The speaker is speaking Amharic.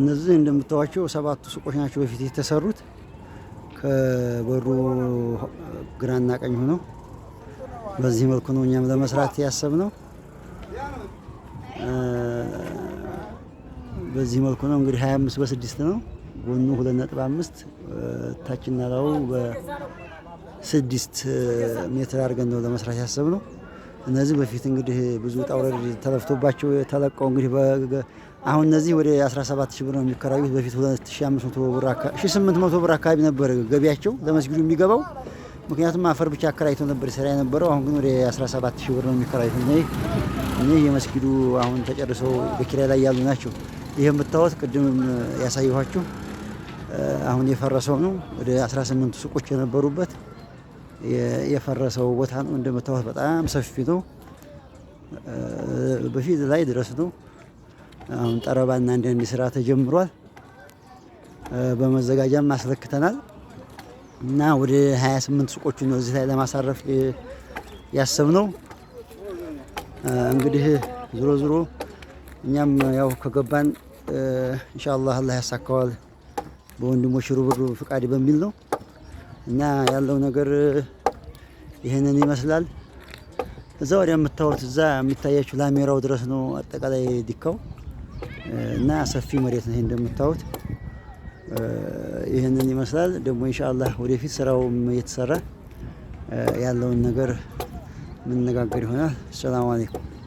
እነዚህ እንደምታዋቸው ሰባቱ ሱቆች ናቸው በፊት የተሰሩት ከበሩ ግራና ቀኝ ሆነው በዚህ መልኩ ነው እኛም ለመስራት ያሰብነው። በዚህ መልኩ ነው እንግዲህ 25 በስድስት ነው ጎኑ 2.5 ታችና ላዩ በስድስት ሜትር አድርገን ነው ለመስራት ያሰብነው። እነዚህ በፊት እንግዲህ ብዙ ጣውረድ ተለፍቶባቸው የተለቀው እንግዲህ አሁን እነዚህ ወደ ሺህ ብር ነው የሚከራዩት። በፊት 2500 ብር አካባቢ ብር አካባቢ ነበር ገቢያቸው ለመስጊዱ የሚገባው። ምክንያቱም አፈር ብቻ አከራይቶ ነበር ስራ የነበረው። አሁን ግን ወደ ሺህ ብር ነው የሚከራዩት። እነዚህ የመስጊዱ አሁን ተጨርሰው በኪራይ ላይ ያሉ ናቸው። ይህ የምታወት ቅድምም ያሳየኋችሁ አሁን የፈረሰው ነው። ወደ 18 ሱቆች የነበሩበት የፈረሰው ቦታ ነው። እንደምታወት በጣም ሰፊ ነው። በፊት ላይ ድረስ ነው። አሁን ጠረባና አንዳንድ ስራ ተጀምሯል። በመዘጋጃም አስለክተናል እና ወደ 28 ሱቆቹ ነው እዚህ ላይ ለማሳረፍ ያሰብነው። እንግዲህ ዝሮ ዝሮ እኛም ያው ከገባን ኢንሻአላህ አላህ ያሳካዋል በወንድሞች ሩብሩብ ፍቃድ በሚል ነው እና ያለው ነገር ይህንን ይመስላል። እዛ ወዲያ የምታወት እዛ የሚታያችሁ ላሜራው ድረስ ነው አጠቃላይ ዲካው እና ሰፊ መሬት ነው። እንደምታዩት ይህንን ይመስላል። ደግሞ ኢንሻአላህ ወደፊት ስራውም እየተሰራ ያለውን ነገር የምንነጋገር ይሆናል። ሰላም አለይኩም።